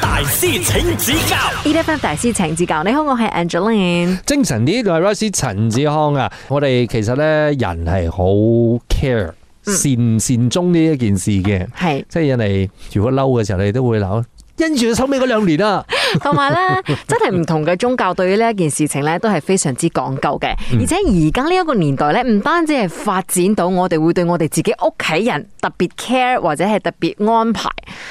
大師請指教，E F 大師請指教。你好，我係 Angeline。精神啲，係我係陳志康啊。我哋其實咧，人係好 care 善唔善終呢一件事嘅，係即係人哋如果嬲嘅時候，你都會嬲。因住收尾嗰兩年啊。同埋咧，真係唔同嘅宗教對於呢一件事情咧，都係非常之講究嘅。而且而家呢一個年代咧，唔單止係發展到我哋會對我哋自己屋企人特別 care，或者係特別安排，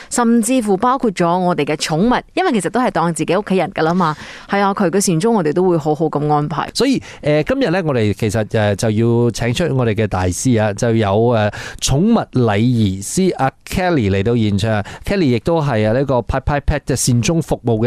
甚至乎包括咗我哋嘅寵物，因為其實都係當自己屋企人噶啦嘛。係啊，佢嘅善終我哋都會好好咁安排。所以誒、呃、今日咧，我哋其實就要請出我哋嘅大師啊，就有誒寵物禮儀師阿 Kelly 嚟到現場，Kelly 亦都係啊呢個派派 Pet 嘅善終服務嘅。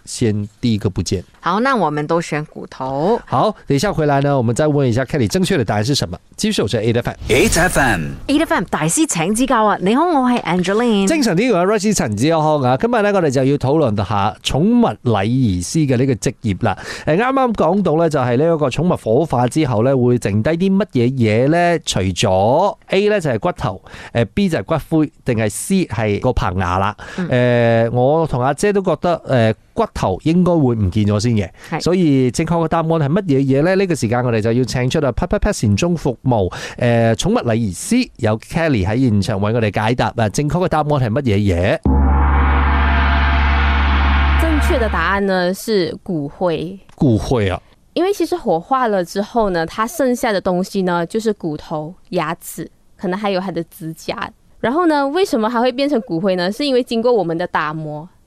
先第一個部件，好，那我們都選骨頭。好，等一下回來呢，我們再問一下，Kelly 正確的答案是什麼。接受是 Ada Fan，Ada Fan，Ada Fan 大師請指教啊！你好，我係 Angeline，精神點？我係 Rushy 陳子康啊！今日呢，我哋就要討論下寵物禮儀師嘅呢個職業啦。誒，啱啱講到呢就係呢個寵物火化之後呢會剩低啲乜嘢嘢呢除咗 A 呢就係骨頭，誒 B 就係骨灰，定係 C 係個棚牙啦？誒、嗯呃，我同阿姐都覺得誒。呃骨頭應該會唔見咗先嘅，所以正確嘅答案係乜嘢嘢呢？呢是個時間我哋就要請出啊 Pet Pet Pet 善終服務誒寵物禮儀師有 Kelly 喺現場為我哋解答啊！正確嘅答案係乜嘢嘢？正確嘅答案呢，是骨灰。骨灰啊？因為其實火化了之後呢，它剩下的東西呢，就是骨頭、牙齒，可能還有它的指甲。然後呢，為什麼還會變成骨灰呢？是因為經過我們的打磨。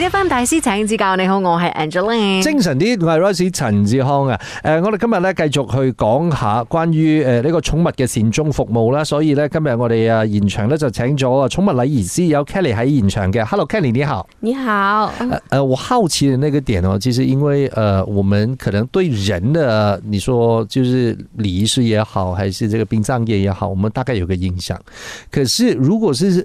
呢班大師請指教，你好，我係 Angeline。精神啲我係 Rose 陳志康啊！誒、呃，我哋今日咧繼續去講下關於誒呢個寵物嘅善終服務啦。所以咧今日我哋啊現場咧就請咗啊寵物禮儀師有 Kelly 喺現場嘅。Hello，Kelly 你好。你、呃、好。誒、呃呃呃，我好奇嘅那個點哦，其實因為誒、呃，我們可能對人嘅，你說就是禮儀師也好，還是這個殯葬業也好，我們大概有個印象。可是如果是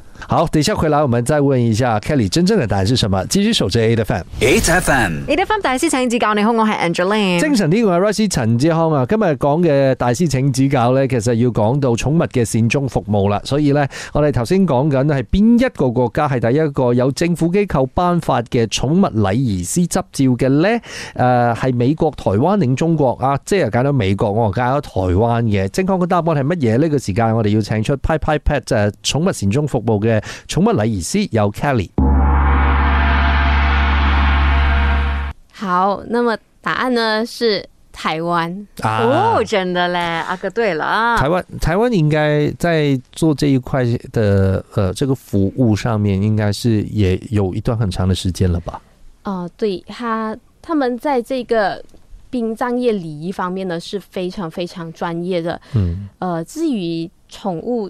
好，第七佢啦我們再問一下 Kelly 真正的答案是什麼？繼續守着 A 的范。e i g h a f m e i g FM 大師請指教，你好，我係 Angeline。精神呢位啊，Rusi 陳志康啊，今日講嘅大師請指教呢，其實要講到寵物嘅善終服務啦。所以呢，我哋頭先講緊係邊一個國家係第一個有政府機構頒發嘅寵物禮儀師執照嘅呢？誒，係美國、台灣定中國啊？即係揀咗美國，我又揀咗台灣嘅。正確嘅答案係乜嘢？呢、這個時間我哋要請出 p i p i Pet 就係寵物善終服務嘅。寵物禮儀師 Kelly，好，那麼答案呢是台灣，啊、哦，真的嘞，阿哥，對了啊，台灣台灣應該在做這一塊的，呃，這個服務上面，應該是也有一段很長的時間了吧，呃？對，他他們在這個殯葬業禮儀方面呢，是非常非常專業的。嗯，呃，至於寵物。